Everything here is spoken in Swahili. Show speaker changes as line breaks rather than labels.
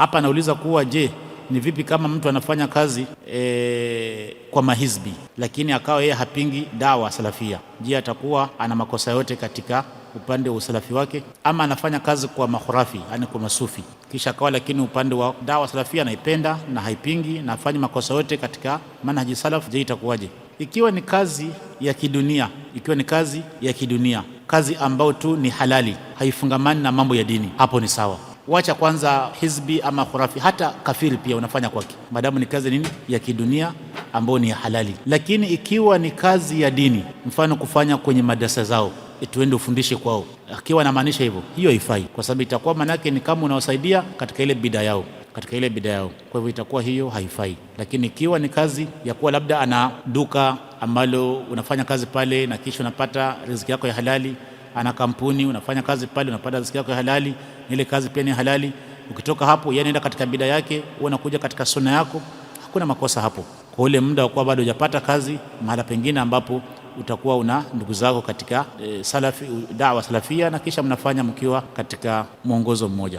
Hapa anauliza kuwa je, ni vipi kama mtu anafanya kazi e, kwa mahizbi lakini akawa yeye hapingi dawa salafia? Je, atakuwa ana makosa yote katika upande wa usalafi wake? Ama anafanya kazi kwa mahurafi, yani kwa masufi, kisha akawa lakini upande wa dawa salafia anaipenda na haipingi na afanye makosa yote katika manhaji salaf, je itakuwaje? Ikiwa ni kazi ya kidunia, ikiwa ni kazi ya kidunia, kazi ambayo tu ni halali, haifungamani na mambo ya dini, hapo ni sawa wacha kwanza hizbi ama khurafi, hata kafiri pia unafanya kwake, madamu ni kazi nini ya kidunia ambayo ni ya halali. Lakini ikiwa ni kazi ya dini, mfano kufanya kwenye madrasa zao, tuende ufundishe kwao, akiwa anamaanisha hivyo, hiyo haifai, kwa sababu itakuwa maanake ni kama unawasaidia katika ile bidaa yao katika ile bidaa yao. Kwa hivyo itakuwa hiyo haifai. Lakini ikiwa ni kazi ya kuwa labda ana duka ambalo unafanya kazi pale na kisha unapata riziki yako ya halali ana kampuni, unafanya kazi pale, unapata riziki yako halali, ile kazi pia ni halali. Ukitoka hapo, yeye anaenda katika bida yake, unakuja katika sunna yako, hakuna makosa hapo. Kwa ule muda wakuwa bado hujapata kazi mahala pengine ambapo utakuwa una ndugu zako katika e, salafi, dawa salafia na kisha mnafanya mkiwa katika mwongozo mmoja.